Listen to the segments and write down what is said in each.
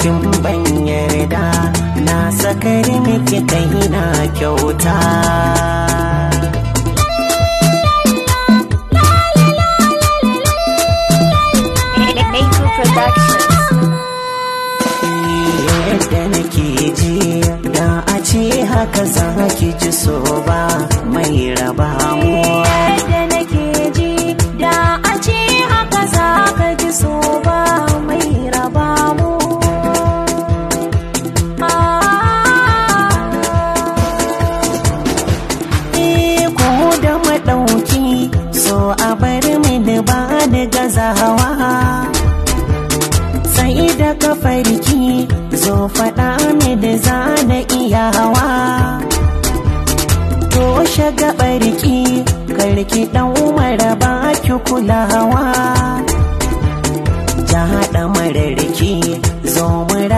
kin ban yarda na sakar miki na kyauta Yadda da a ce haka za ki ji so ba mai za hawa sai da farki zo faɗa ne da za na iya hawa shaga barki karki dan umara ba ki kula hawa ja haɗa mararki zo mara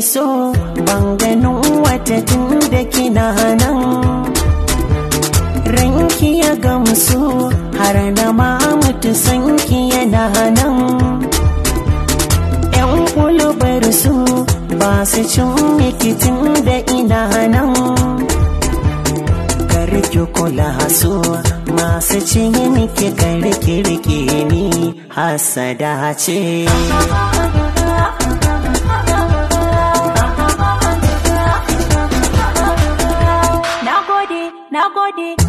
so ban ganin wata tun da kina nan ranki ya gamsu har na ma mutu sanki yana nan yan kulubar su ba su cin mikitin da ina nan karki kula su masu cin miki karki rike ni hasada ce 我的。